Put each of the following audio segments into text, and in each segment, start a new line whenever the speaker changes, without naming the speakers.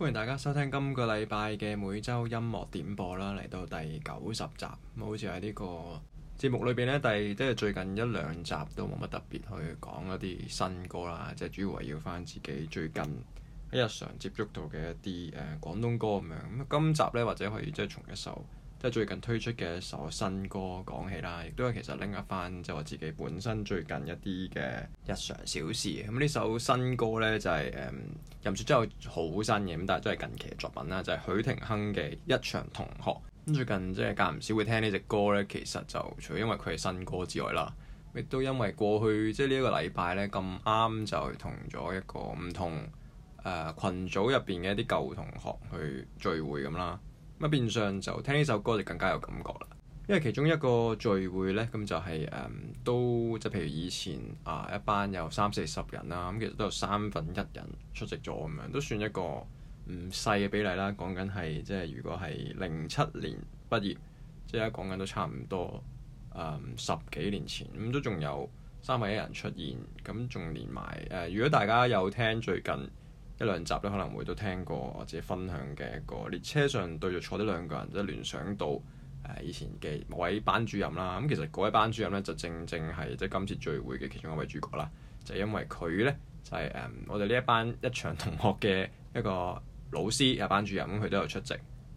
歡迎大家收聽今個禮拜嘅每周音樂點播啦，嚟到第九十集。好似喺呢個節目裏邊呢，第即係最近一兩集都冇乜特別去講一啲新歌啦，即係主要圍繞翻自己最近喺日常接觸到嘅一啲誒、呃、廣東歌咁樣。咁今集呢，或者可以即係從一首。即係最近推出嘅一首新歌講起啦，亦都係其實拎一翻即係我自己本身最近一啲嘅日常小事。咁呢首新歌呢，就係、是、誒、嗯、入暑之後好新嘅，咁但係都係近期嘅作品啦。就係、是、許廷鏗嘅《一場同學》。咁最近即係間唔少會聽呢隻歌呢，其實就除因為佢係新歌之外啦，亦都因為過去即係、就是、呢一個禮拜呢，咁啱就同咗一個唔同羣組入邊嘅一啲舊同學去聚會咁啦。咁變相就聽呢首歌就更加有感覺啦，因為其中一個聚會呢，咁就係、是、誒、嗯、都即係譬如以前啊一班有三四十人啦，咁、嗯、其實都有三分一人出席咗咁樣，都算一個唔細嘅比例啦。講緊係即係如果係零七年畢業，即係講緊都差唔多、嗯、十幾年前，咁、嗯、都仲有三分一人出現，咁、嗯、仲連埋誒、呃。如果大家有聽最近，一兩集咧，可能會都聽過或者分享嘅一個列車上對住坐啲兩個人，即係聯想到誒、呃、以前嘅某位班主任啦。咁、嗯、其實嗰位班主任咧，就正正係即係今次聚會嘅其中一位主角啦。就係、因為佢咧，就係、係、誒、嗯、我哋呢一班一場同學嘅一個老師啊，班主任咁佢都有出席。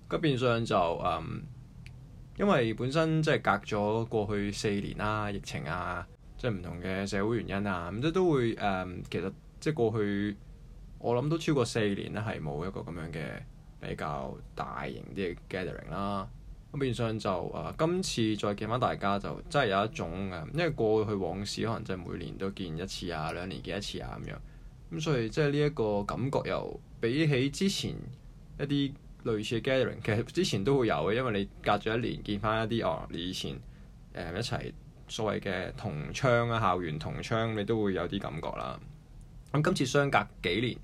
咁變相就誒、嗯，因為本身即係隔咗過去四年啦、啊，疫情啊，即係唔同嘅社會原因啊，咁即都會誒、嗯，其實即係過去。我諗都超過四年咧，係冇一個咁樣嘅比較大型啲嘅 gathering 啦。咁變相就誒、啊、今次再見翻大家，就真係有一種誒、啊，因為過去往事可能真係每年都見一次啊，兩年見一次啊咁樣。咁所以即係呢一個感覺，又比起之前一啲類似嘅 gathering，其實之前都會有嘅，因為你隔咗一年見翻一啲哦、啊，你以前誒、嗯、一齊所謂嘅同窗啊、校園同窗，你都會有啲感覺啦。咁今次相隔幾年？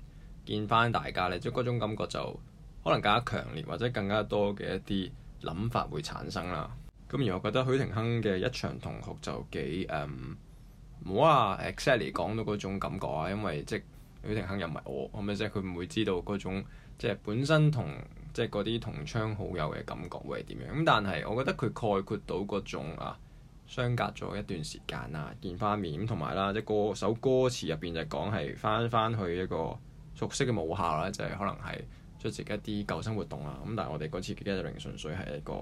見翻大家咧，即係嗰種感覺就可能更加強烈，或者更加多嘅一啲諗法會產生啦。咁而我覺得許廷鏗嘅一場同學就幾誒，唔、嗯、好話、啊、exactly 講到嗰種感覺啊，因為即係許廷鏗又唔係我，係咪？佢唔會知道嗰種即係本身同即係嗰啲同窗好友嘅感覺會係點樣。咁但係我覺得佢概括到嗰種啊，相隔咗一段時間啊，見翻面咁同埋啦，即係歌首歌詞入邊就講係翻翻去一個。熟悉嘅母校啦，就係、是、可能係出席一啲舊生活動啦。咁但係我哋嗰次嘅 gathering 純粹係一個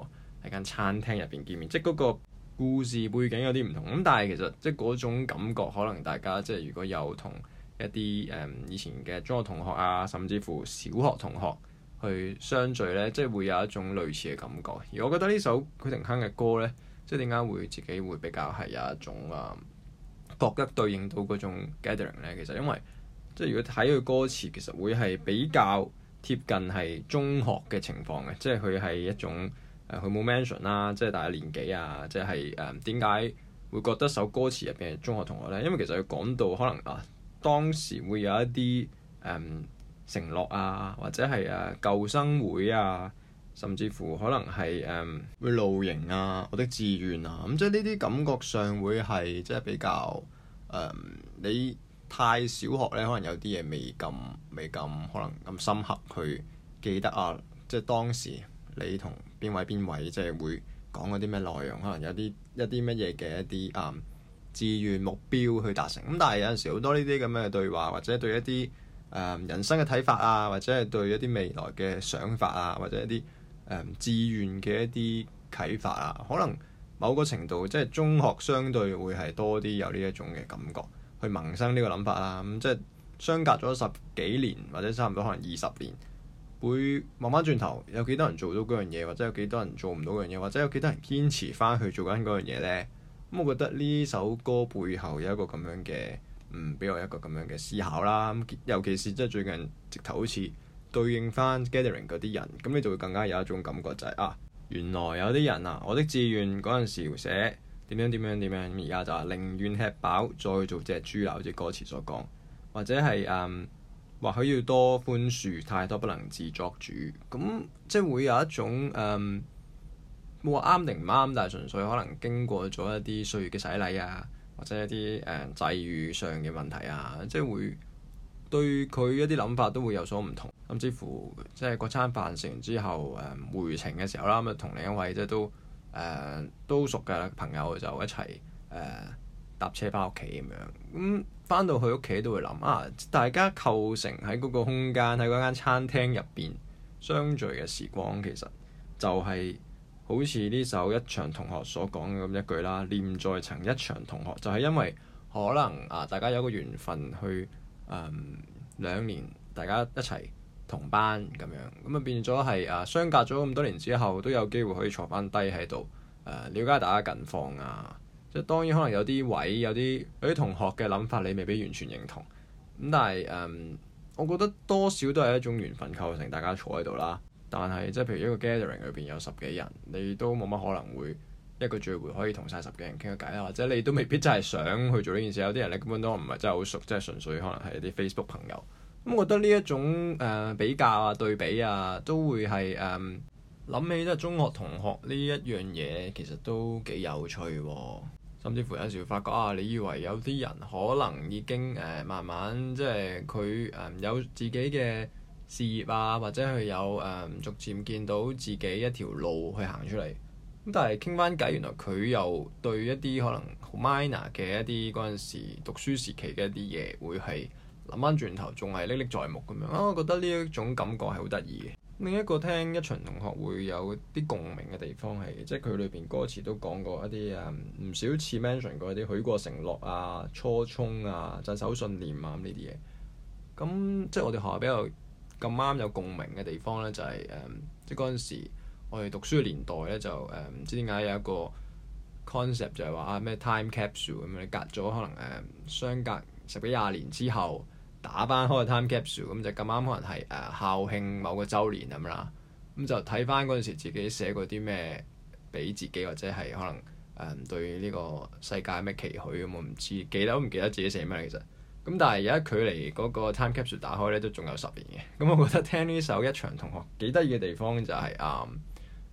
喺間餐廳入邊見面，即係嗰個故事背景有啲唔同。咁但係其實即係嗰種感覺，可能大家即係如果有同一啲誒、嗯、以前嘅中學同學啊，甚至乎小學同學去相聚呢，即係會有一種類似嘅感覺。而我覺得呢首許廷鏗嘅歌呢，即係點解會自己會比較係有一種誒、啊、覺得對應到嗰種 gathering 呢？其實因為即係如果睇佢歌詞，其實會係比較貼近係中學嘅情況嘅，即係佢係一種誒，佢、呃、冇 mention 啦，即係大家年紀啊，即係誒點解會覺得首歌詞入邊係中學同學呢？因為其實佢講到可能啊，當時會有一啲誒、嗯、承諾啊，或者係誒、啊、救生會啊，甚至乎可能係誒、嗯、會露營啊，我的志願啊，咁、嗯、即係呢啲感覺上會係即係比較誒、嗯、你。太小學咧，可能有啲嘢未咁未咁，可能咁深刻去記得啊！即係當時你同邊位邊位即係會講嗰啲咩內容？可能有啲一啲乜嘢嘅一啲啊、嗯、志願目標去達成。咁但係有陣時好多呢啲咁嘅對話，或者對一啲誒、嗯、人生嘅睇法啊，或者係對一啲未來嘅想法啊，或者一啲誒、嗯、志願嘅一啲啟發啊，可能某個程度即係中學相對會係多啲有呢一種嘅感覺。去萌生呢個諗法啦，咁、嗯、即係相隔咗十幾年或者差唔多可能二十年，會慢慢轉頭有幾多人做到嗰樣嘢，或者有幾多人做唔到嗰樣嘢，或者有幾多人堅持翻去做緊嗰樣嘢呢？咁、嗯、我覺得呢首歌背後有一個咁樣嘅，嗯，俾我一個咁樣嘅思考啦。嗯、尤其是即係最近直頭好似對應翻 Gathering 嗰啲人，咁、嗯、你就會更加有一種感覺就係、是、啊，原來有啲人啊，我的志願嗰陣時寫。點樣點樣點樣？而家就係寧願吃飽再做隻豬啦，好似歌詞所講，或者係誒，或許要多寬恕太多不能自作主，咁、嗯、即係會有一種誒，冇話啱定唔啱，但係純粹可能經過咗一啲歲月嘅洗禮啊，或者一啲誒、嗯、際遇上嘅問題啊，即係會對佢一啲諗法都會有所唔同，咁之乎即係嗰餐飯食完之後誒、嗯、回程嘅時候啦，咁啊同另一位即係都。誒、呃、都熟嘅朋友就一齊、呃、搭車翻屋企咁樣，咁、嗯、翻到去屋企都會諗啊，大家構成喺嗰個空間喺嗰間餐廳入邊相聚嘅時光，其實就係好似呢首一場同學所講嘅咁一句啦，念在曾一場同學，就係、是、因為可能啊，大家有個緣分去誒、嗯、兩年大家一齊。同班咁樣，咁啊變咗係啊相隔咗咁多年之後，都有機會可以坐翻低喺度，誒、啊、了解大家近況啊！即係當然可能有啲位，有啲有啲同學嘅諗法你未必完全認同，咁但係誒、嗯，我覺得多少都係一種緣分構成大家坐喺度啦。但係即係譬如一個 gathering 裏邊有十幾人，你都冇乜可能會一個聚會可以同晒十幾人傾個偈啊，或者你都未必真係想去做呢件事。有啲人你根本都唔係真係好熟，即係純粹可能係啲 Facebook 朋友。咁、嗯、覺得呢一種誒、呃、比較啊、對比啊，都會係誒諗起咧中學同學呢一樣嘢，其實都幾有趣喎、啊。甚至乎有時會發覺啊，你以為有啲人可能已經誒、呃、慢慢即係佢誒有自己嘅事業啊，或者佢有誒、嗯、逐漸見到自己一條路去行出嚟。但係傾翻偈，原來佢又對一啲可能好 minor 嘅一啲嗰陣時讀書時期嘅一啲嘢會係。諗返轉頭仲係歷歷在目咁樣啊！我覺得呢一種感覺係好得意嘅。另一個聽一場同學會有啲共鳴嘅地方係，即係佢裏邊歌詞都講過一啲誒唔少次 mention 過一啲許過承諾啊、初衷啊、鎮守信念啊咁呢啲嘢。咁即係我哋學校比較咁啱有共鳴嘅地方呢，就係、是、誒、嗯、即係嗰陣時我哋讀書嘅年代呢，就誒唔、嗯、知點解有一個 concept 就係話啊咩 time capsule 咁、嗯、樣隔咗可能誒、嗯、相隔十幾廿年之後。打翻開個 time capsule，咁、嗯、就咁啱可能係誒、呃、校慶某個周年咁啦。咁、嗯、就睇翻嗰陣時自己寫過啲咩，俾自己或者係可能誒、嗯、對呢個世界有咩期許咁，我、嗯、唔知記得都唔記得自己寫咩其實。咁、嗯、但係而家距離嗰個 time capsule 打開咧，都仲有十年嘅。咁、嗯、我覺得聽呢首《一場同學》幾得意嘅地方就係、是、誒，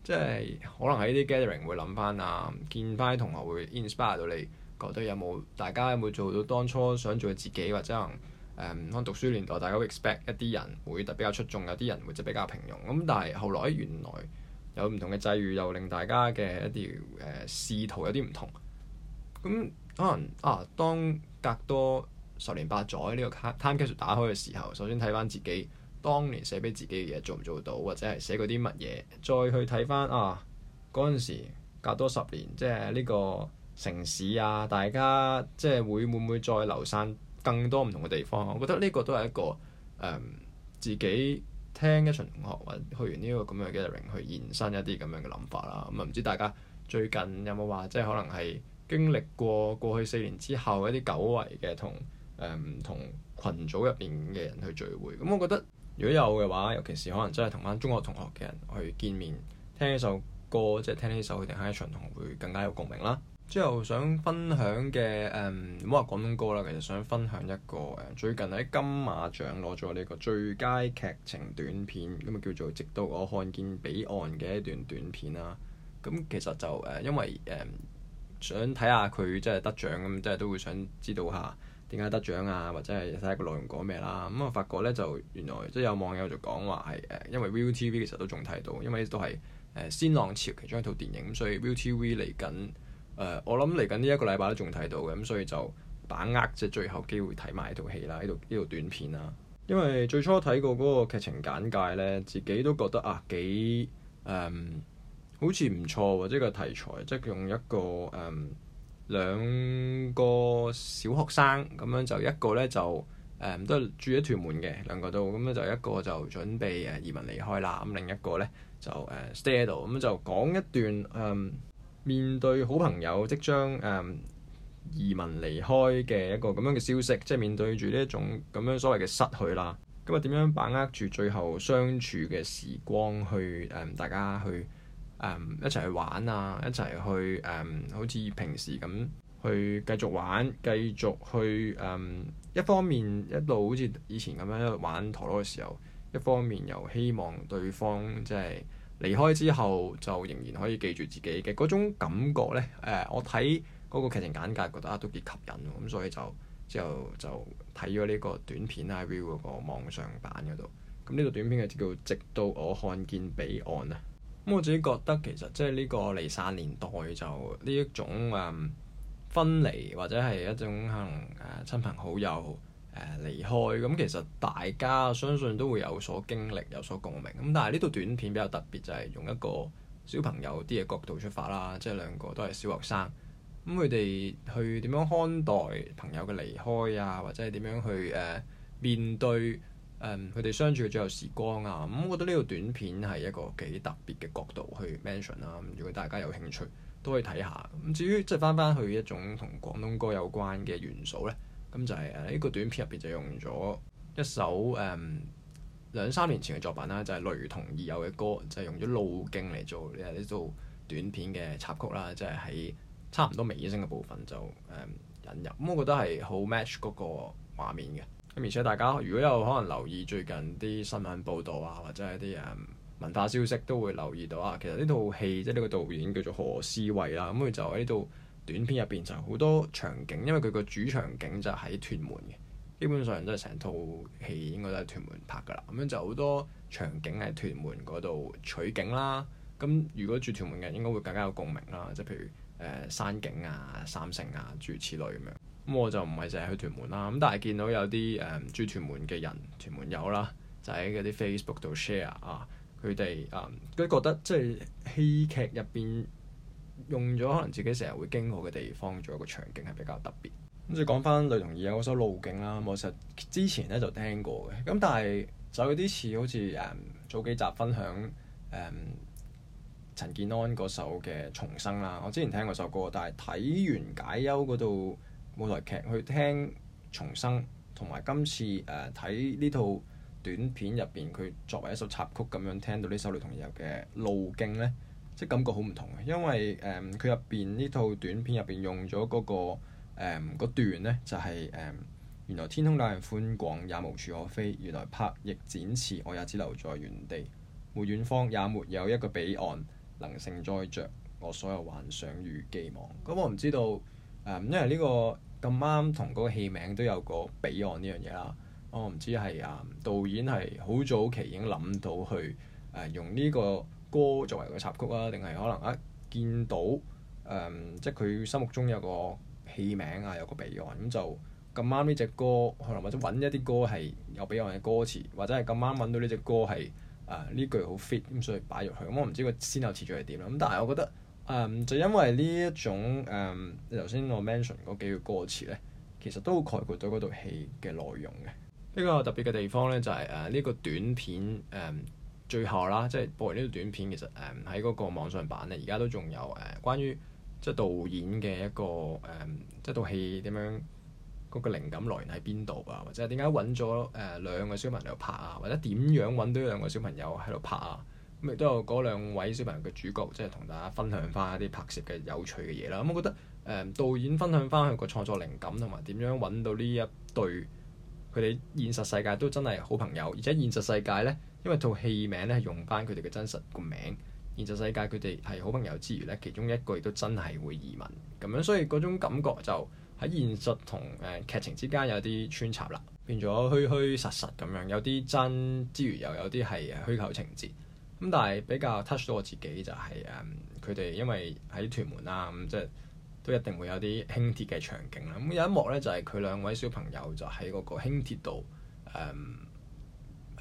即、嗯、係、就是、可能喺啲 gathering 會諗翻啊，見翻同學會 inspire 到你，覺得有冇大家有冇做到當初想做嘅自己或者？可能……誒唔同讀書年代，大家會 expect 一啲人會特比較出眾，有啲人會就比較平庸。咁、嗯、但係後來原來有唔同嘅際遇，又令大家嘅一條誒仕途有啲唔同。咁可能啊，當隔多十年八載呢個 time capsule 打開嘅時候，首先睇返自己當年寫俾自己嘅嘢做唔做到，或者係寫過啲乜嘢，再去睇返啊嗰陣時隔多十年，即係呢個城市啊，大家即係會會唔會再流散？更多唔同嘅地方，我覺得呢個都係一個誒、呃、自己聽一場同學或去完呢個咁樣嘅 gathering 去延伸一啲咁樣嘅諗法啦。咁啊唔知大家最近有冇話即係可能係經歷過過去四年之後一啲久違嘅同誒唔、呃、同羣組入邊嘅人去聚會？咁、嗯、我覺得如果有嘅話，尤其是可能真係同翻中學同學嘅人去見面，聽呢首歌即係聽呢首，去定係一場同學會更加有共鳴啦。之後想分享嘅誒，唔好話廣東歌啦。其實想分享一個誒，最近喺金馬獎攞咗呢個最佳劇情短片咁啊，叫做《直到我看見彼岸》嘅一段短片啦。咁其實就誒，因為誒、嗯、想睇下佢即係得獎咁，即係都會想知道下點解得獎啊，或者係睇下個內容講咩啦。咁啊，發覺咧就原來即係有網友就講話係誒，因為 ViuTV 其實都仲睇到，因為都係誒先浪潮其中一套電影，所以 ViuTV 嚟緊。誒、呃，我諗嚟緊呢一個禮拜都仲睇到嘅，咁所以就把握即係最後機會睇埋呢套戲啦，呢度呢度短片啦。因為最初睇過嗰個劇情簡介呢，自己都覺得啊幾、嗯、好似唔錯或者係個題材，即係用一個誒、嗯、兩個小學生咁樣，就一個呢就誒、嗯、都住喺屯門嘅，兩個都咁樣，就一個就準備移民離開啦，咁另一個呢就誒、呃、stay 喺度，咁就講一段誒。嗯面對好朋友即將誒、嗯、移民離開嘅一個咁樣嘅消息，即係面對住呢一種咁樣所謂嘅失去啦。咁啊點樣把握住最後相處嘅時光去誒、嗯、大家去誒、嗯、一齊去玩啊，一齊去誒、嗯、好似平時咁去繼續玩，繼續去誒、嗯、一方面一路好似以前咁樣一路玩陀螺嘅時候，一方面又希望對方即係離開之後就仍然可以記住自己嘅嗰種感覺呢，誒、呃，我睇嗰個劇情簡介覺得啊都幾吸引，咁所以就之後就睇咗呢個短片 Viu 嗰個網上版嗰度，咁呢個短片就叫《直到我看見彼岸》啊。咁我自己覺得其實即係呢個離散年代就呢一種誒、嗯、分離，或者係一種可能誒親朋好友好。誒離開咁，其實大家相信都會有所經歷，有所共鳴咁。但係呢套短片比較特別，就係、是、用一個小朋友啲嘅角度出發啦，即係兩個都係小學生咁，佢哋去點樣看待朋友嘅離開啊，或者係點樣去誒、呃、面對佢哋、呃、相處嘅最後時光啊。咁、嗯、我覺得呢套短片係一個幾特別嘅角度去 mention 啦。如果大家有興趣都可以睇下。咁至於即係翻翻去一種同廣東歌有關嘅元素呢。咁就係誒呢個短片入邊就用咗一首誒、um, 兩三年前嘅作品啦，就係、是、雷同二有嘅歌，就係、是、用咗路徑嚟做呢呢套短片嘅插曲啦，即係喺差唔多尾聲嘅部分就誒、um, 引入。咁我覺得係好 match 嗰個畫面嘅。咁而且大家如果有可能留意最近啲新聞報導啊，或者一啲誒、um, 文化消息，都會留意到啊，其實呢套戲即係呢個導演叫做何思慧啦。咁佢就喺呢度。短片入邊就好多場景，因為佢個主場景就喺屯門嘅，基本上都係成套戲應該都喺屯門拍㗎啦。咁樣就好多場景喺屯門嗰度取景啦。咁如果住屯門嘅人應該會更加有共鳴啦，即係譬如誒、呃、山景啊、三城啊諸如此類咁樣。咁我就唔係淨係去屯門啦，咁但係見到有啲誒、嗯、住屯門嘅人、屯門友啦，就喺嗰啲 Facebook 度 share 啊，佢哋啊都覺得即係戲劇入邊。用咗可能自己成日會經過嘅地方，做一個場景係比較特別。咁再講翻雷同二友嗰首《路徑》啦，我實之前咧就聽過嘅，咁但係就有啲似好似誒早幾集分享誒、嗯、陳建安嗰首嘅《重生》啦。我之前聽過首歌，但係睇完解憂嗰套舞台劇去聽《重生》，同埋今次誒睇呢套短片入邊，佢作為一首插曲咁樣聽到呢首雷同二友嘅《路徑》呢。即感覺好唔同嘅，因為誒佢入邊呢套短片入邊用咗嗰、那個誒、嗯、段咧，就係、是、誒、嗯、原來天空兩人寬廣也無處可飛，原來拍翼展翅我也只留在原地，無遠方也沒有一個彼岸能盛載著我所有幻想與寄望。咁我唔知道誒、嗯，因為呢個咁啱同嗰個戲名都有個彼岸呢樣嘢啦。我、嗯、唔知係啊，導演係好早期已經諗到去誒、嗯、用呢、這個歌作為個插曲啊，定係可能一、啊、見到誒、嗯，即係佢心目中有個戲名啊，有個備案咁、嗯、就咁啱呢隻歌，可能或者揾一啲歌係有備案嘅歌詞，或者係咁啱揾到呢隻歌係誒呢句好 fit，咁、嗯、所以擺入去。咁我唔知個先後次序係點啦。咁、嗯、但係我覺得誒、嗯，就因為呢一種誒，頭、嗯、先我 mention 嗰幾個歌詞咧，其實都概括到嗰套戲嘅內容嘅。呢個特別嘅地方咧，就係誒呢個短片誒。嗯最後啦，即係播完呢段短片，其實誒喺嗰個網上版咧，而家都仲有誒、呃、關於即係導演嘅一個誒、呃，即係套戲點樣嗰個靈感來源喺邊度啊？或者點解揾咗誒兩個小朋友拍啊？或者點樣揾到兩個小朋友喺度拍啊？咁、嗯、亦都有嗰兩位小朋友嘅主角，即係同大家分享翻一啲拍攝嘅有趣嘅嘢啦。咁、嗯、我覺得誒、呃、導演分享翻佢個創作靈感同埋點樣揾到呢一對佢哋現實世界都真係好朋友，而且現實世界咧。因為套戲名咧，用翻佢哋嘅真實個名，現實世界佢哋係好朋友之餘咧，其中一個亦都真係會移民咁樣，所以嗰種感覺就喺現實同誒、嗯、劇情之間有啲穿插啦，變咗虛虛實實咁樣，有啲真之餘又有啲係虛構情節咁。但係比較 touch 到我自己就係、是、誒，佢、嗯、哋因為喺屯門啦、啊，咁、嗯、即係都一定會有啲輕鐵嘅場景啦。咁、嗯、有一幕咧就係、是、佢兩位小朋友就喺嗰個輕鐵度誒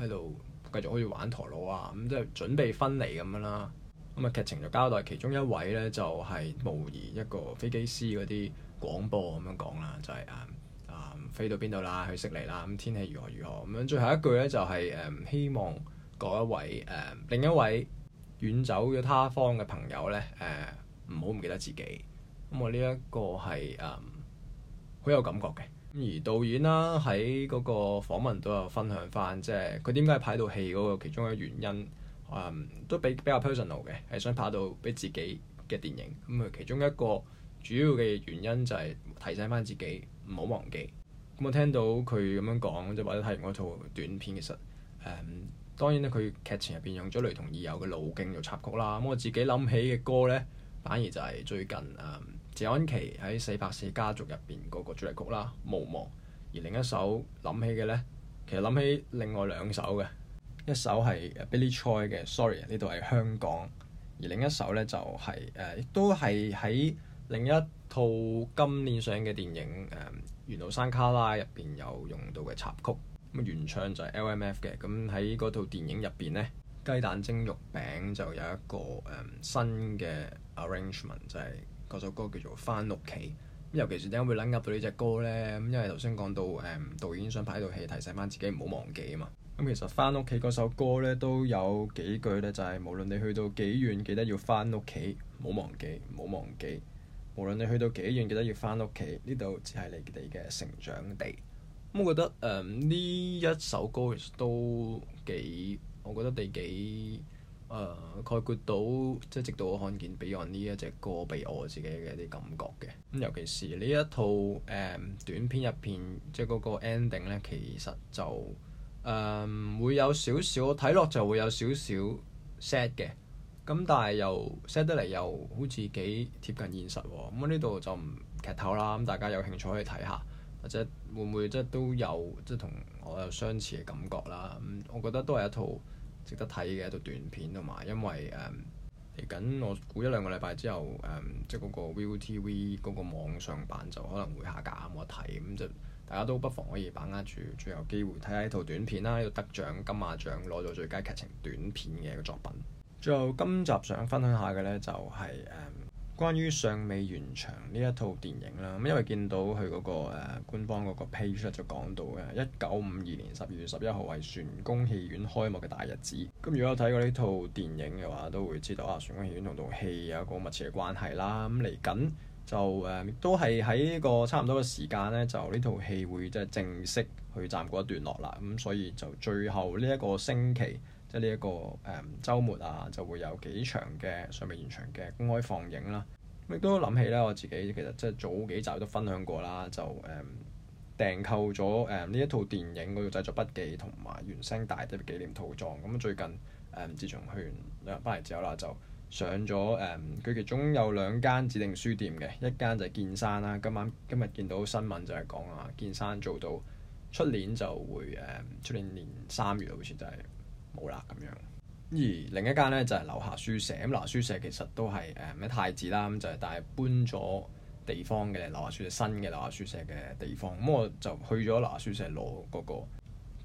喺度。嗯繼續可以玩陀螺啊，咁即係準備分離咁樣啦。咁啊劇情就交代其中一位咧，就係、是、模擬一個飛機師嗰啲廣播咁樣講啦，就係、是、啊啊飛到邊度啦，去悉尼啦，咁天氣如何如何咁樣。最後一句咧就係、是、誒、啊、希望嗰一位誒、啊、另一位遠走嘅他方嘅朋友咧誒唔好唔記得自己。咁、啊、我呢一個係誒、啊、好有感覺嘅。而導演啦、啊，喺嗰個訪問都有分享翻，即係佢點解拍到戲嗰個其中一個原因，誒、嗯、都比比較 personal 嘅，係想拍到俾自己嘅電影。咁、嗯、啊，其中一個主要嘅原因就係提醒翻自己唔好忘記。咁、嗯、我聽到佢咁樣講，即或者睇完嗰套短片，其實誒、嗯、當然咧，佢劇情入邊用咗雷同二友嘅路徑做插曲啦。咁、嗯、我自己諗起嘅歌咧，反而就係最近誒。嗯謝安琪喺《四百四家族》入邊嗰個主題曲啦，《無望》。而另一首諗起嘅呢，其實諗起另外兩首嘅，一首係 Billy Choy 嘅《Sorry》，呢度係香港。而另一首呢，就係、係、亦、呃、都係喺另一套今年上嘅電影《誒元老山卡拉》入邊有用到嘅插曲。咁原唱就係 L.M.F 嘅。咁喺嗰套電影入邊呢，雞蛋蒸肉餅就有一個誒、呃、新嘅 arrangement，就係、係。嗰首歌叫做《翻屋企》，咁尤其是點解會諗噏到呢隻歌呢？咁因為頭先講到誒、嗯、導演想拍呢套戲，提醒翻自己唔好忘記啊嘛。咁其實《翻屋企》嗰首歌呢，都有幾句呢，就係、是、無論你去到幾遠，記得要翻屋企，唔好忘記，唔好忘記。無論你去到幾遠，記得要翻屋企。呢度只係你哋嘅成長地。咁我覺得誒呢、呃、一首歌其實都幾，我覺得地幾。誒、uh, 概括到即係直到我看見彼岸呢一隻歌俾我自己嘅一啲感覺嘅，咁、嗯、尤其是呢一套誒、嗯、短片入邊，即係嗰個 ending 咧，其實就誒、嗯、會有少少睇落就會有少少 sad 嘅，咁、嗯、但係又 sad 得嚟又好似幾貼近現實喎，咁呢度就唔劇透啦，咁、嗯、大家有興趣可以睇下，或者會唔會即係都有即係同我有相似嘅感覺啦，咁、嗯、我覺得都係一套。值得睇嘅一套短片，同埋因為誒、嚟緊，嗯、我估一兩個禮拜之後，誒、嗯、即係嗰個 ViuTV 嗰個網上版就可能會下架，我睇，咁就大家都不妨可以把握住最後機會睇下呢套短片啦，呢度得獎金馬獎攞咗最佳劇情短片嘅一個作品。最後今集想分享下嘅呢就係、是、誒、嗯關於尚未完場呢一套電影啦，咁因為見到佢嗰、那個、啊、官方嗰個 page 就講到嘅，一九五二年十二月十一號係璇宮戲院開幕嘅大日子。咁如果有睇過呢套電影嘅話，都會知道啊璇宮戲院同套戲有一個密切嘅關係啦。咁嚟緊就誒、啊、都係喺個差唔多嘅時間呢，就呢套戲會即係正式去暫告一段落啦。咁所以就最後呢一個星期。呢一、這個誒週、嗯、末啊，就會有幾場嘅尚未完場嘅公開放映啦。亦都諗起咧，我自己其實即係早幾集都分享過啦，就誒訂購咗誒呢一套電影嗰個製作筆記同埋原聲大碟嘅紀念套裝。咁、嗯、最近誒自從去完翻嚟之後啦，就上咗誒佢其中有兩間指定書店嘅，一間就係建山啦、啊。今晚今日見到新聞就係講啊，建山做到出年就會誒出、嗯、年年三月好似就係、是。冇啦咁樣，而另一間咧就係、是、留下書舍。咁留下書舍其實都係誒咩太子啦，咁、嗯、就係但係搬咗地方嘅留下書舍，新嘅留下書舍嘅地方，咁、嗯、我就去咗留下書舍攞嗰個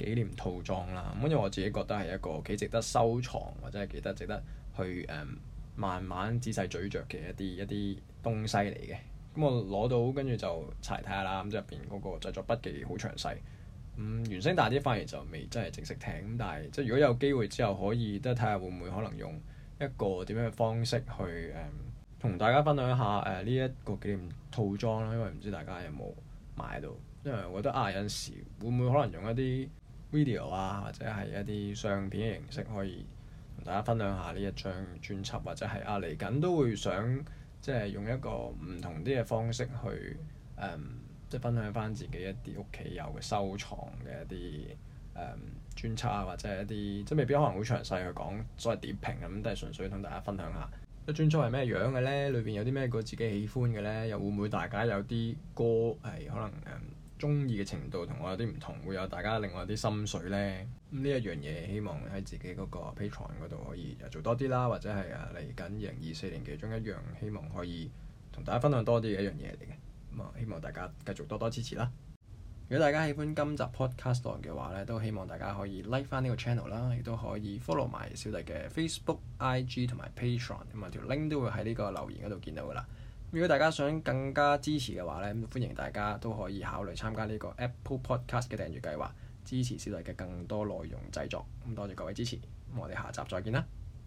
紀念套裝啦，咁、嗯、因為我自己覺得係一個幾值得收藏或者係幾得值得去誒、呃、慢慢仔細咀嚼嘅一啲一啲東西嚟嘅，咁、嗯、我攞到跟住就看一齊睇下啦，咁即係入邊嗰個製作筆記好詳細。嗯、原聲大碟反而就未真係正式聽，但係即係如果有機會之後可以都係睇下會唔會可能用一個點樣嘅方式去誒同、嗯、大家分享一下誒呢、呃、一個紀念套裝啦，因為唔知大家有冇買到，因為我覺得啊有陣時會唔會可能用一啲 video 啊或者係一啲相片嘅形式可以同大家分享下呢一張專輯，或者係啊嚟緊都會想即係用一個唔同啲嘅方式去誒。嗯即係分享翻自己一啲屋企有嘅收藏嘅一啲誒、嗯、專輯啊，或者係一啲即未必可能好詳細去講，再點評咁都係純粹同大家分享下。啲專輯係咩樣嘅咧？裏邊有啲咩個自己喜歡嘅咧？又會唔會大家有啲歌係可能誒中意嘅程度同我有啲唔同，會有大家另外啲心水咧？咁呢一樣嘢希望喺自己嗰個 Patreon 度可以做多啲啦，或者係啊嚟緊二零二四年其中一樣，希望可以同大家分享多啲嘅一樣嘢嚟嘅。希望大家繼續多多支持啦。如果大家喜歡今集 podcast 嘅話咧，都希望大家可以 like 翻呢個 channel 啦，亦都可以 follow 埋小弟嘅 Facebook、I G 同埋 Patreon 咁啊，條 link 都會喺呢個留言嗰度見到噶啦。如果大家想更加支持嘅話咧，歡迎大家都可以考慮參加呢個 Apple Podcast 嘅訂閱計劃，支持小弟嘅更多內容製作。咁多謝各位支持，我哋下集再見啦。